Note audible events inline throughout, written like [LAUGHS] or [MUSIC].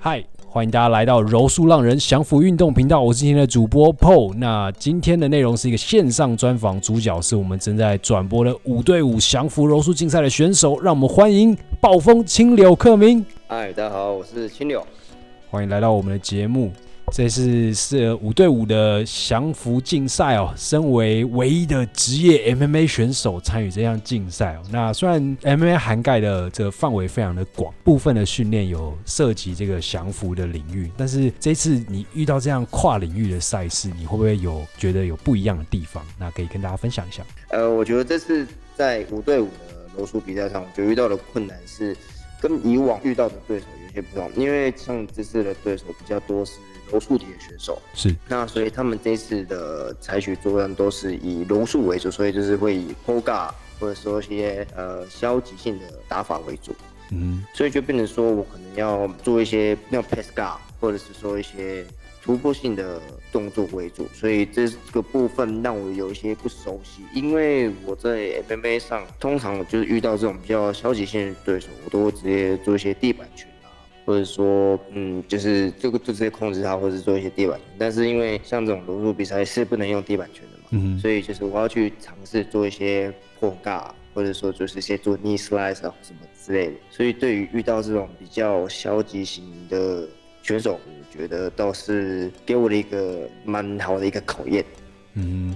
嗨，歡迎大家來到柔術浪人降伏運動頻道，我是今天的主播 Po。那今天的內容是一個線上專訪，主角是我們正在轉播的五對五降伏柔術競賽的選手，讓我們歡迎暴風青柳克明。嗨，大家好，我是青柳，歡迎來到我們的節目。這次是五對五的降服競賽哦。身為唯一的職業 MMA 選手參與這項競賽，哦，那雖然 MMA 涵蓋的這個範圍非常的廣，部分的訓練有涉及這個降服的領域，但是這次你遇到這樣跨領域的賽事，你會不會有覺得有不一樣的地方？那可以跟大家分享一下。呃，我覺得這次在五對五的柔術比賽上，我覺得遇到的困難是跟以往遇到的對手有些不同，因為像這次的對手比較多是。柔術底的選手是，那所以他們這次的採取作戰都是以柔術為主，所以就是會以 pull guard 或者說一些呃消極性的打法為主，嗯，所以就變成說我可能要做一些那種 pass guard 或者是說一些突破性的動作為主，所以這個部分讓我有一些不熟悉，因為我在 MMA 上通常我就是遇到這種比較消極性的對手，我都會直接做一些地板拳。或者說，嗯，就是就，就直接控制他，或是做一些地板拳。但是因為像這種柔術比賽是不能用地板拳的嘛，嗯，所以就是我要去嘗試做一些破嘎，或者說就是一些做 knee slice 啊什麼之類的。所以對於遇到這種比較消極型的選手，我覺得倒是給我的一個蠻好的一個考驗。嗯，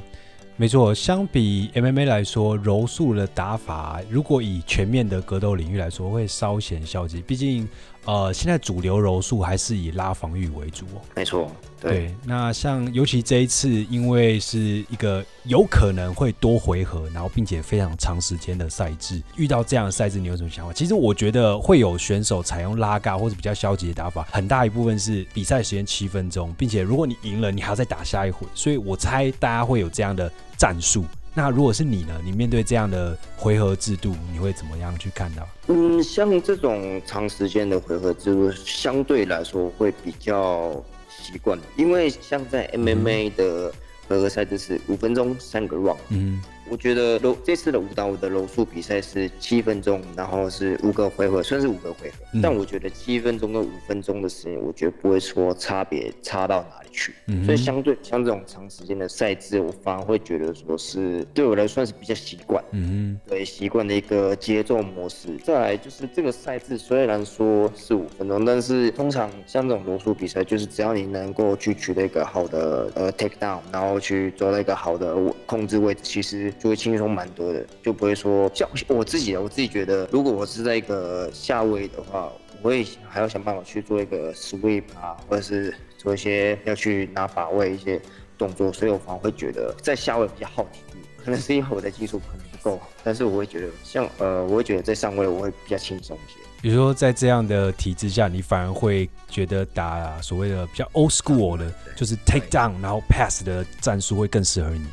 沒錯，相比 MMA 來說，柔術的打法如果以全面的格鬥領域來說，會稍顯消極，畢竟。呃，現在主流柔術還是以拉防禦為主哦。沒錯，對。那像尤其這一次，因為是一個有可能會多回合，然後並且非常長時間的賽制，遇到這樣的賽制，你有什麼想法？其實我覺得會有選手採用拉嘎或者比較消極的打法，很大一部分是比賽時間七分鐘，並且如果你贏了，你還要再打下一回，所以我猜大家會有這樣的戰術。那如果是你呢？你面對這樣的回合制度，你會怎麼樣去看待？嗯，像這種長時間的回合制度，相對來說會比較習慣，因為像在 MMA 的回合賽，就、嗯、是五分鐘三個 round，嗯。我覺得柔這次的五對五的柔術比賽是七分鐘，然後是五個回合，算是五個回合。但我覺得七分鐘跟五分鐘的時間，我覺得不會說差別差到哪裡去。所以相對像這種長時間的賽制，我反而會覺得說是對我來說算是比較習慣，嗯哼，對習慣的一個節奏模式。再來就是這個賽制雖然說是五分鐘，但是通常像這種柔術比賽，就是只要你能夠去取得一個好的呃 take down，然後去做到一個好的控制位置，其實。就會輕鬆蠻多的，就不會說像我自己啊，我自己覺得，如果我是在一個下位的話，我會還要想辦法去做一個 sweep 啊，或者是做一些要去拿把位一些動作，所以我反而會覺得在下位比較耗體力，可能是因為我的技術可能不夠，但是我會覺得像呃，我會覺得在上位我會比較輕鬆一些。比如說在這樣的體制下，你反而會覺得打所謂的比較 old school 的，嗯、就是 take down 然後 pass 的戰術會更適合你。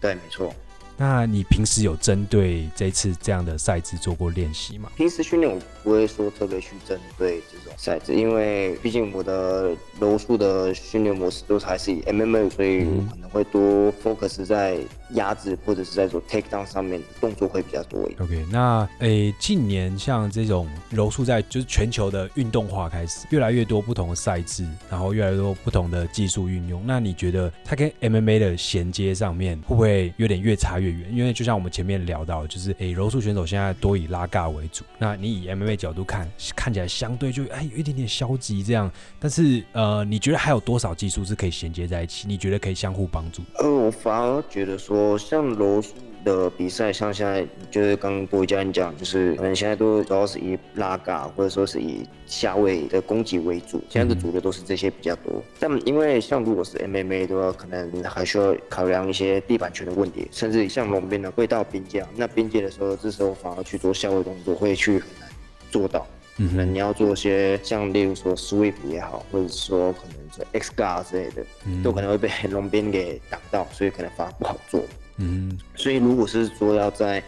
對，沒錯。那你平時有針對這次這樣的賽制做過練習嗎？平時訓練我不會說特別去針對這種賽制，因為畢竟我的柔術的訓練模式都還是以 MMA，所以我可能會多 focus 在。壓制或者是在做 take down 上面動作會比較多一點。OK，那誒、欸，近年像這種柔術在就是全球的運動化開始越來越多不同的賽制，然後越來越多不同的技術運用。那你覺得它跟 MMA 的銜接上面會不會有點越差越遠？因為就像我們前面聊到的，就是誒、欸、柔術選手現在多以拉尬為主。那你以 MMA 角度看，看起來相對就哎、欸、有一點點消極這樣。但是呃，你覺得還有多少技術是可以銜接在一起？你覺得可以相互幫助？呃，我反而覺得說。哦，像羅素的比賽，像現在就是剛剛伯教練講，就是可能現在都主要是以拉嘎，或者說是以下位的攻擊為主，嗯，現在的主流都是這些比較多。但因為像如果是 MMA 的話，可能還需要考量一些地板拳的問題，甚至像龍邊的會到邊界，啊，那邊界的時候，這時候反而去做下位動作會去很難做到。嗯，可能你要做一些像例如說 Sweep 也好，或者說可能做 X-guard 之類的，嗯，都可能會被龍邊給擋到，所以可能反而不好做。嗯，所以如果是說要在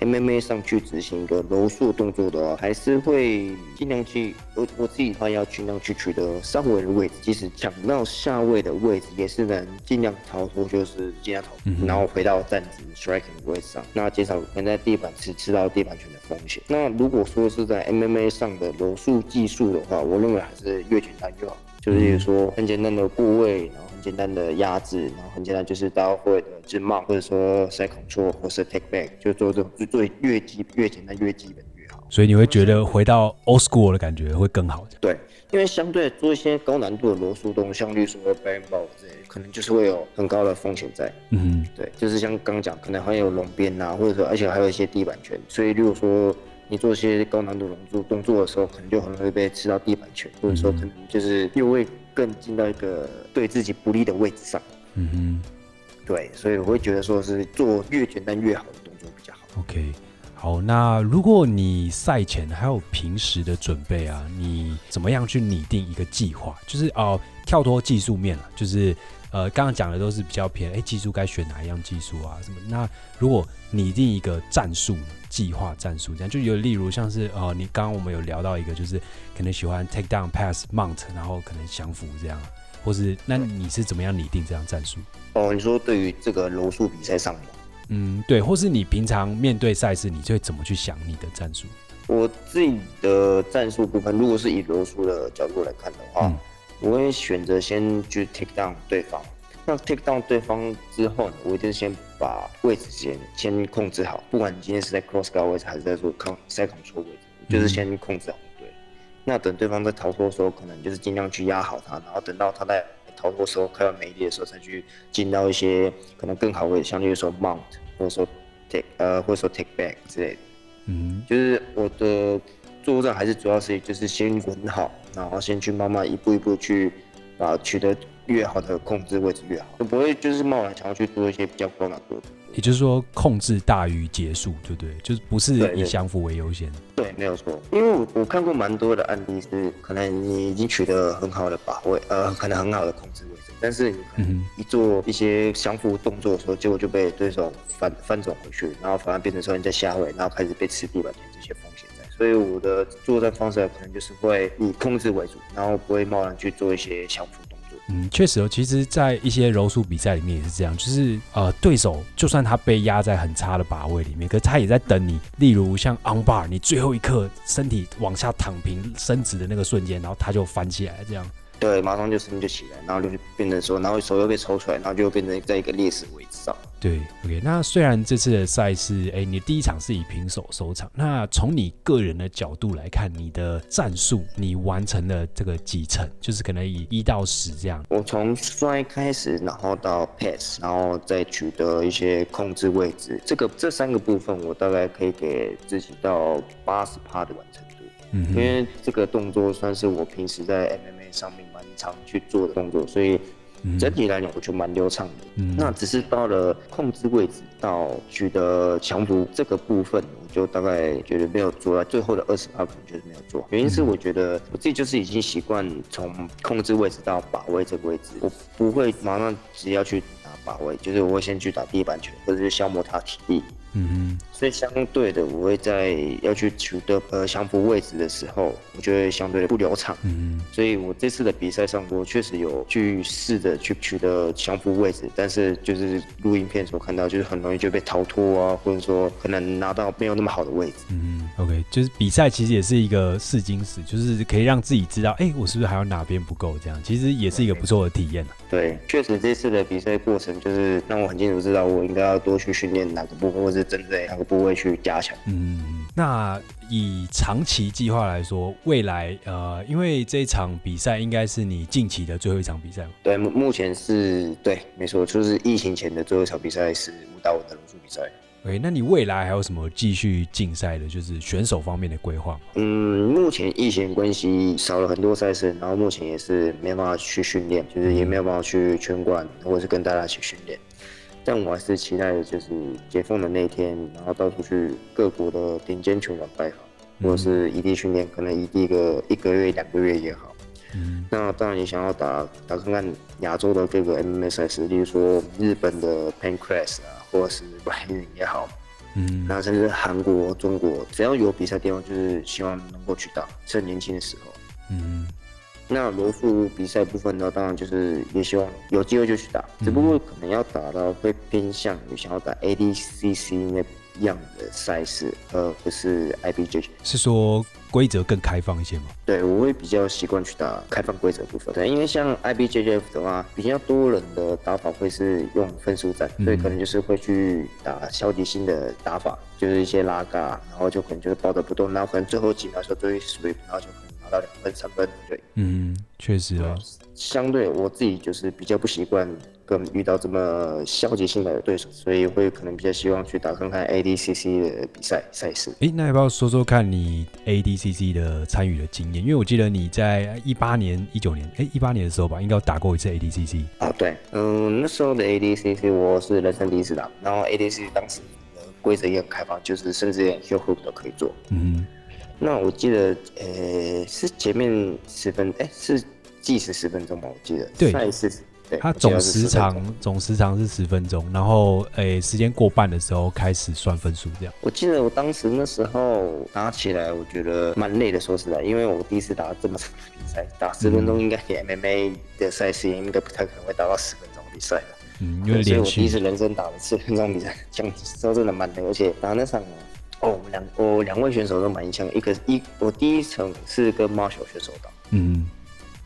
MMA 上去執行一個柔術動作的話，還是會盡量去，我我自己的話要盡量去取得上位的位置，即使搶到下位的位置，也是能盡量逃脫，就是盡量逃脫，嗯，然後回到站姿 striking 的位置上，那減少可能在地板吃吃到地板拳的風險。那如果說是在 MMA 上的柔術技術的話，我認為還是越簡單越好，就是、嗯、說很簡單的過位，然後。簡單的壓制，然後很簡單就是大家會的制帽，或者說 side control，或是 take back，就做這種，就做越基越簡單，越基本越好。所以你會覺得回到 old school 的感覺會更好。對，因為相對做一些高難度的羅素動像比如說 bamboo 之類，可能就是會有很高的風險在。嗯，對，就是像剛講，可能還有龍邊吶，或者說，而且還有一些地板拳。所以如果說你做一些高難度龍珠動作的時候，可能就很容易被吃到地板拳，或者說可能就是又會。更進到一個對自己不利的位置上。嗯哼，對，所以我會覺得說，是做越簡單越好的動作比較好。OK，好，那如果你賽前還有平時的準備啊，你怎麼樣去擬定一個計劃？就是哦、呃，跳脫技術面了，就是呃，剛剛講的都是比較偏哎、欸，技術該選哪一樣技術啊？什麼？那如果擬定一個戰術呢？計劃戰術這樣，就有例如像是呃，你剛剛我們有聊到一個就是可能喜歡 take down pass mount 然後可能降服這樣，或是那你是怎麼樣擬定這樣戰術？哦，你說對於這個柔術比賽上嗎？嗯，對，或是你平常面對賽事，你就會怎麼去想你的戰術？我自己的戰術部分，如果是以柔術的角度來看的話，嗯、我會選擇先去 take down 對方。那 take down 對方之後呢，我一定先把位置先先控制好，不管你今天是在 cross guard 位置還是在做 con 在 control 位置，就是先控制好對、嗯。那等對方在逃脫的時候，可能就是盡量去壓好他，然後等到他在逃脫的時候快要沒力的時候，才去進到一些可能更好位置，相對於說 mount 或者說 take 呃，或者說 take back 之類的。嗯，就是我的作戰還是主要是就是先穩好，然後先去慢慢一步一步去把、啊、取得。越好的控制位置越好，就不會就是貿然想要去做一些比較高難度的也就是說，控制大於結束，對不對？就是不是以降服為優先。對對。對，沒有錯。因為我我看過蠻多的案例是，是可能你已經取得很好的把握，呃，可能很好的控制位置，但是你可能一做一些降服動作的時候，結果就被對手翻翻轉回去，然後反而變成說你在下位，然後開始被吃地板全這些風險在。所以我的作戰方式可能就是會以控制為主，然後不會貿然去做一些降服。嗯，確實哦。其實，在一些柔術比賽裡面也是這樣，就是呃，對手就算他被壓在很差的把位裡面，可是他也在等你。例如像昂巴爾，你最後一刻身體往下躺平，伸直的那個瞬間，然後他就翻起來這樣。對，馬上就身就起來，然後就變成說，然後手又被抽出來，然後就變成在一個劣勢位置上。對，OK。那雖然這次的賽事，哎，你第一場是以平手收場。那從你個人的角度來看，你的戰術你完成了這個幾成？就是可能以一到十這樣。我從摔開始，然後到 pass，然後再取得一些控制位置，這個這三個部分我大概可以給自己到八十趴的完成。嗯、因為這個動作算是我平時在 MMA 上面蠻常去做的動作，所以整體來講，我就蠻流暢的、嗯嗯。那只是到了控制位置到取得強圖這個部分，我就大概覺得沒有做。最後的二十八分就是沒有做、嗯，原因是我覺得我自己就是已經習慣從控制位置到把位這個位置，我不會馬上直接要去打把位，就是我會先去打地板拳，或者是消磨他體力。嗯所以相對的，我會在要去取得呃相服位置的時候，我就會相對的不流暢。嗯，嗯。所以我這次的比賽上播確實有去試着去取得相服位置，但是就是錄音片所看到，就是很容易就被逃脫啊，或者說可能拿到沒有那麼好的位置。嗯 OK，就是比賽其實也是一個試金石，就是可以讓自己知道，哎、欸，我是不是還有哪邊不夠這樣？其實也是一個不錯的體驗、啊 okay，對，確實這次的比賽過程就是讓我很清楚知道我應該要多去訓練哪個部分，或者是針對哪個。還有不會去加強。嗯，那以長期計劃來說，未來呃，因為這一場比賽應該是你近期的最後一場比賽嗎？對，目前是，對，沒錯，就是疫情前的最後一場比賽是武道的武術比賽。OK，那你未來還有什麼繼續競賽的，就是選手方面的規劃嗎？嗯，目前疫情關係少了很多賽事，然後目前也是沒辦法去訓練，就是也沒有辦法去拳館、嗯、或者是跟大家一起訓練。但我還是期待的就是解封的那一天，然後到處去各國的頂尖球館拜訪，或者是移地訓練，可能移地個一個一個月，兩個月也好、嗯。那當然你想要打打看看亞洲的各個 MMA 賽事，例如說日本的 Pancrase 啊，或者是 RIZIN 也好，嗯，那甚至韓國、中國，只要有比賽的地方，就是希望能夠去打，趁年輕的時候，嗯。那柔術比賽部分呢，當然就是也希望有機會就去打，嗯，只不過可能要打到會偏向於想要打 ADCC 那樣的賽事，而，呃、不，就是 IBJJF 是說規則更開放一些嗎？對，我會比較習慣去打開放規則部分，對，因為像 IBJJF 的話，比較多人的打法會是用分數戰，嗯，所以可能就是會去打消極性的打法，就是一些拉嘎，然後就可能就是抱得不動，然後可能最後幾秒的時候對 sweep，然後就可以。到兩分、三分，對，嗯，確實啊。相對我自己就是比較不習慣跟遇到這麼消極性的對手，所以會可能比較希望去打看看 ADCC 的比賽賽事。哎、欸，那要不要說說看你 ADCC 的參與的經驗？因為我記得你在一八年、一九年，哎、欸，一八年的時候吧，應該有打過一次 ADCC 啊、哦。對，嗯，那時候的 ADCC 我是人生第一次打，然後 ADCC 當時規則也很開放，就是甚至連 heel hook 都可以做，嗯。那我記得，呃、欸、是前面十分哎、欸，是計時十分鐘嗎？我記得。對。賽事，對。它總時長總時長是十分鐘，然後誒、欸，時間過半的時候開始算分數，這樣。我記得我當時那時候打起來，我覺得蠻累的，說實在，因為我第一次打這麼長的比賽，打十分鐘應該也 MMA 的賽事應該不太可能會打到十分鐘比賽吧。嗯，因為連我第一次人生打了十分鐘比賽，講說真的蠻累，而且打那場。哦，我們兩，我、哦、兩位選手都蠻強，一個一，我第一層是跟馬小選手打，嗯，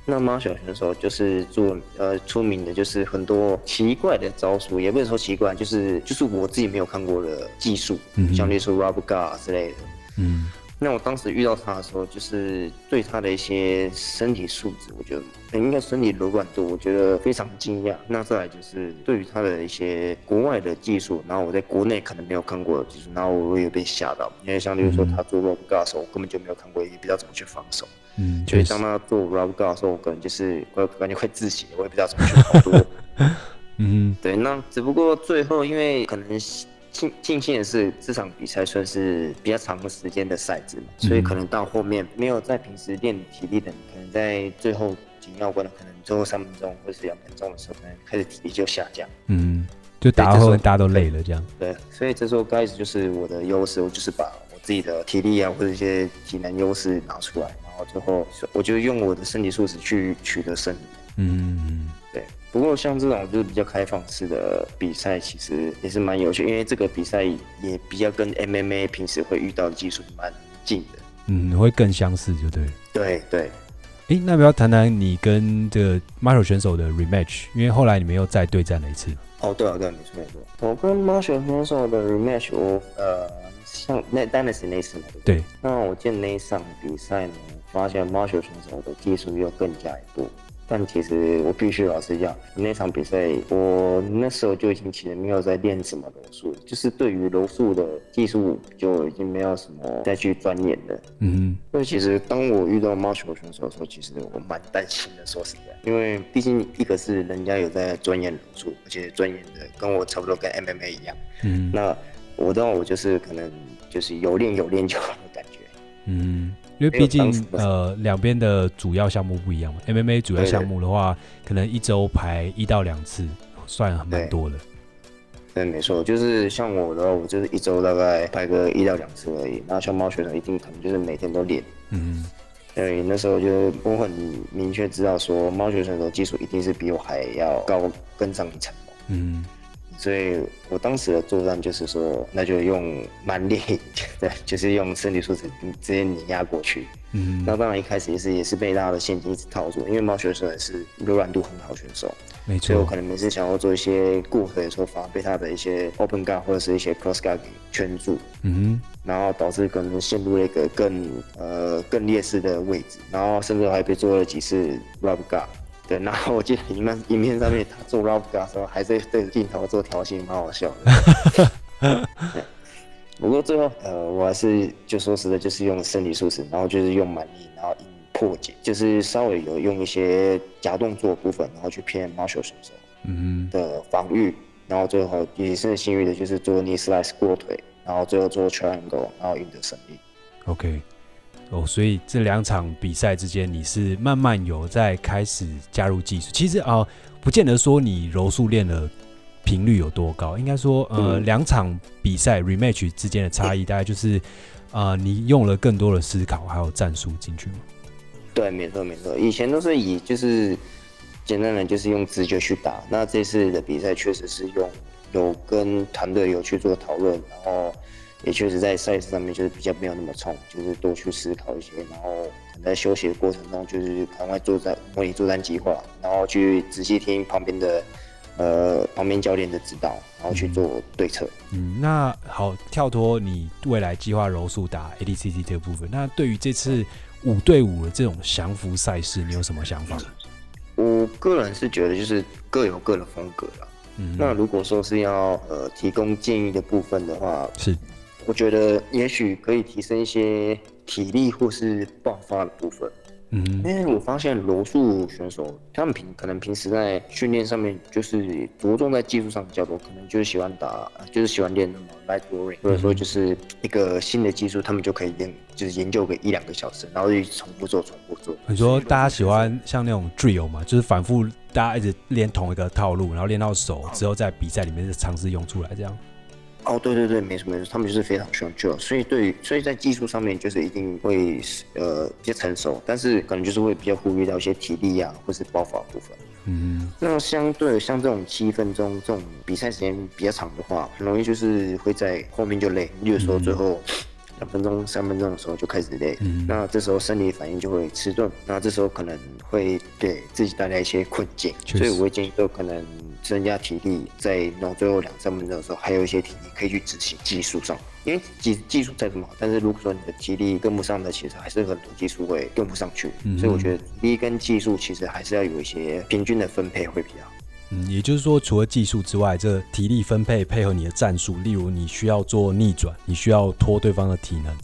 那馬小選手就是做呃出名的，就是很多奇怪的招數，也不能說奇怪，就是就是我自己沒有看過的技術、嗯，像例如說 rubber guard 之類的，嗯。那我當時遇到他的時候，就是對他的一些身體素質，我覺得，應該身體柔軟度，我覺得非常驚訝。那再來就是對於他的一些國外的技術，然後我在國內可能沒有看過的技術，就是然後我也有被嚇到，因為相對於說他做 rubber guard 的時候，我根本就沒有看過，也不知道怎麼去防守。嗯、就是。所以當他做 rubber guard 的時候，我可能就是我感覺快窒息了，我也不知道怎麼去好多。 [LAUGHS] 嗯。對，那只不過最後因為可能。慶幸的是，這場比賽算是比較長的時間的賽制嘛，嗯，所以可能到後面沒有在平時練體力的，可能在最後緊要關的，可能最後三分鐘或是兩分鐘的時候，可能開始體力就下降。嗯，就打到後面大家都累了這樣。對，對所以這時候開始就是我的優勢，我就是把我自己的體力啊或者一些體能優勢拿出來，然後最後我就用我的身體素質去取得勝利。嗯。不過像這種就是比較開放式的比賽，其實也是蠻有趣，因為這個比賽也比較跟 MMA 平時會遇到的技術蠻近的，嗯，會更相似就對。對對。誒，那不要談談你跟這個 Marshall 選手的 Rematch，因為後來你們又再對戰了一次。哦，對啊，對啊，沒錯沒錯。我跟 Marshall 選手的 Rematch，我呃，像那 Dennis 那次嘛。對。那我見那場比賽呢，發現 Marshall 選手的技術又更進一步。但其實我必須老實講，那場比賽我那時候就已經其實沒有在練什麼柔術，就是對於柔術的技術就已經沒有什麼再去鑽研的。嗯，因為其實當我遇到貓熊熊的時候，其實我蠻擔心的，說實在，因為畢竟一個是人家有在鑽研柔術，而且鑽研的跟我差不多，跟 MMA 一樣。嗯，那我知道我就是可能就是有練有練就好的感覺。嗯。因為畢竟，呃，兩邊的主要項目不一樣嘛。MMA 主要項目的話，對對對，可能一周排一到兩次，算還蠻多的。對，對，沒錯，就是像我的話，我就是一周大概排個一到兩次而已。那像貓學長，一定可能就是每天都練。嗯嗯。對，那時候就我很明確知道，說貓學長的技術一定是比我還要高，更上一層。嗯。所以我當時的作戰就是說，那就用蠻力，對，就是用身體素質直接碾壓過去。嗯，那當然一開始也是也是被他的陷阱一直套住，因為貓選手也是柔軟度很好選手，沒錯。所以我可能每次想要做一些過河的說法，被他的一些 open guard 或者是一些 cross guard 給圈住。嗯哼，然後導致可能陷入了一個更呃更劣勢的位置，然後甚至我還被做了幾次 rub guard。對，然後我記得影片、影片上面他做 rope grab 時候，還是在對着鏡頭做條形，蠻好笑的。 [LAUGHS] [LAUGHS] 不過最後，呃，我還是就說實的，就是用身體素質，然後就是用蠻力，然後以破解，就是稍微有用一些假動作部分，然後去騙 motion 選手的防禦、嗯，然後最後也是幸運的，就是做 knee slice 過腿，然後最後做 triangle，然後贏得勝利。OK。哦，所以這兩場比賽之間，你是慢慢有在開始加入技術。其實啊、呃，不見得說你柔術練的頻率有多高，應該說，呃，兩、嗯、場比賽 rematch 之間的差異，大概就是、嗯呃，你用了更多的思考，還有戰術進去嗎？對，沒錯，沒錯。以前都是以就是簡單的就是用直覺去打，那這次的比賽確實是用有跟團隊有去做討論，然後。也確實，在賽事上面就是比較沒有那麼衝，就是多去思考一些，然後在休息的過程中，就是趕快作戰模擬作戰計劃，然後去仔細聽旁邊的呃旁邊教練的指導，然後去做對策。嗯，嗯，那好，跳脫你未來計劃柔術打 ADCC 這部分，那對於這次五對五的這種降服賽事，你有什麼想法？我個人是覺得就是各有各的風格，嗯，那如果說是要呃提供建議的部分的話，是。我覺得也許可以提升一些體力或是爆發的部分，嗯，因為我發現柔術選手他們平可能平時在訓練上面就是着重在技術上比較多，可能就是喜歡打就是喜歡練 light drill 或者說就是一個新的技術，他們就可以練就是研究個一兩個小時，然後就一直重複做重複做。你說大家喜歡像那種 drill 嘛，就是反復大家一直練同一個套路，然後練到手之後，在比賽裡面就嘗試用出來這樣。哦，對對對沒，沒什麼，他們就是非常講究，所以對於，所以在技術上面就是一定會，呃，比較成熟，但是可能就是會比較忽略到一些體力啊或是爆發的部分。嗯。那相對像這種七分鐘這種比賽時間比較長的話，很容易就是會在後面就累，比如說最後。兩分鐘、三分鐘的時候就開始累，嗯，那這時候生理反應就會遲鈍，那這時候可能會給自己帶來一些困境。所以我會建議就可能增加體力，在最後兩三分鐘的時候還有一些體力可以去執行技術上，因為技技術再怎麼好，但是如果說你的體力跟不上的其實還是很多技術會用不上去，嗯。所以我覺得體力跟技術其實還是要有一些平均的分配會比較好。嗯，也就是說，除了技術之外，這個、體力分配配合你的戰術，例如你需要做逆轉，你需要拖對方的體能，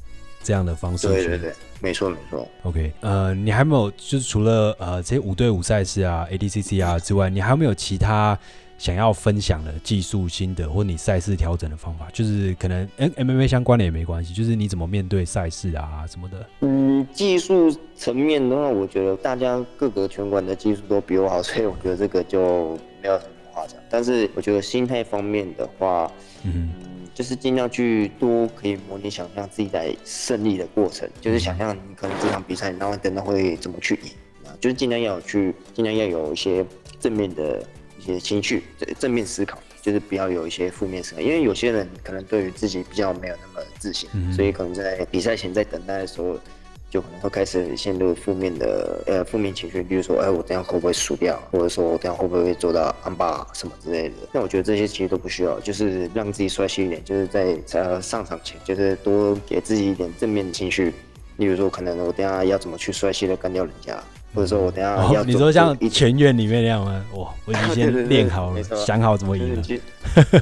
這樣的方式。對對對，沒錯沒錯。OK，呃，你還沒有就是除了呃這些五對五賽事啊、ADCC 啊之外，嗯、你還有沒有其他想要分享的技術心得，或你賽事調整的方法？就是可能、M、MMA 相關的也沒關係，就是你怎麼面對賽事啊什麼的。嗯，技術層面的話，我覺得大家各個拳館的技術都比我好，所以我覺得這個就。沒有什麼誇張，但是我覺得心態方面的話，嗯，嗯就是盡量去多可以模擬想象自己在勝利的過程，嗯、就是想象你可能這場比賽然後等到會怎麼去贏，啊，就是盡量要去盡量要有一些正面的一些情緒，正正面思考，就是不要有一些負面思考，因為有些人可能對於自己比較沒有那麼自信，嗯、所以可能在比賽前在等待的時候。就可能都開始陷入負面的呃負面情緒，比如說哎、欸，我這樣會不會輸掉？或者說，我這樣會不會，會做到安巴什麼之類的？那我覺得這些其實都不需要，就是讓自己帥氣一點，就是在呃上場前，就是多給自己一點正面情緒。例如說，可能我等下要怎麼去帥氣的幹掉人家、嗯，或者說我等下要、哦、你說像一拳院裡面那樣嗎？哇，我已經先練好了、啊對對對，想好怎麼贏了。啊、對對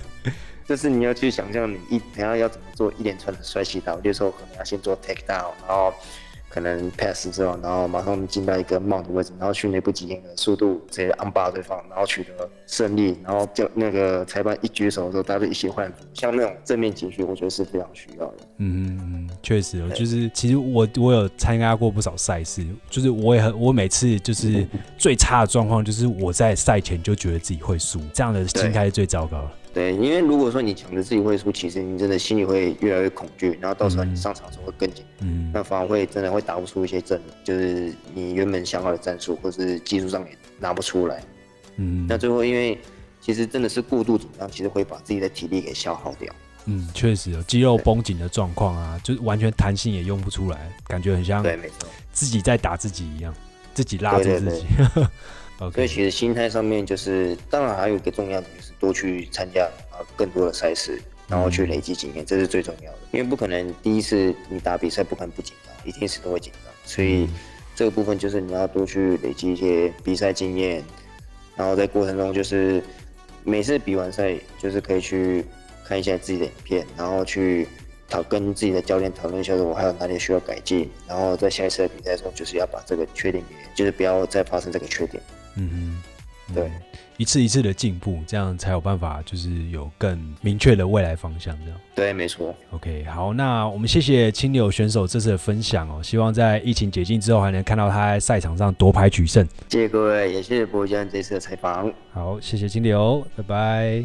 就， [LAUGHS] 就是你要去想象你一等一下要怎麼做一連串的帥氣打，比如說可能要先做 take down，然後，可能 pass 之後，然後馬上進到一個 mount 的位置，然後迅雷不及掩耳的速度直接 armbar 對方，然後取得勝利，然後就那個裁判一舉手的時候，大家一起歡呼。像那種正面情緒，我覺得是非常需要的。嗯嗯嗯，確實，哦，就是其實我我有參加過不少賽事，就是我也很，我每次就是最差的狀況，就是我在賽前就覺得自己會輸，這樣的心態是最糟糕的。對，因為如果說你想着自己會輸，其實你真的心裡會越來越恐懼，然後到時候你上場的時候會更緊，嗯，嗯，那反而會真的會打不出一些正，就是你原本想好的戰術或是技術上也拿不出來，嗯，那最後因為其實真的是過度緊張，其實會把自己的體力給消耗掉，嗯，確實肌肉繃緊的狀況啊，就是完全彈性也用不出來，感覺很像對，沒錯，自己在打自己一樣，自己拉着自己。對對對 [LAUGHS] Okay. 所以其實心態上面就是，當然還有一個重要的就是多去參加更多的賽事，然後去累積經驗，這是最重要的。因為不可能第一次你打比賽不可能不緊張，一定是都會緊張。所以這個部分就是你要多去累積一些比賽經驗，然後在過程中就是每次比完賽就是可以去看一下自己的影片，然後去討跟自己的教練討論一下我還有哪裡需要改進，然後在下一次的比賽中就是要把這個缺點給，就是不要再發生這個缺點。嗯哼嗯，對，一次一次的進步，這樣才有辦法，就是有更明確的未來方向。這樣對，沒錯。OK，好，那我們謝謝青柳選手這次的分享哦，希望在疫情解禁之後，還能看到他在賽場上奪牌取勝。謝謝各位，也謝謝播講這次的採訪。好，謝謝青柳，拜拜。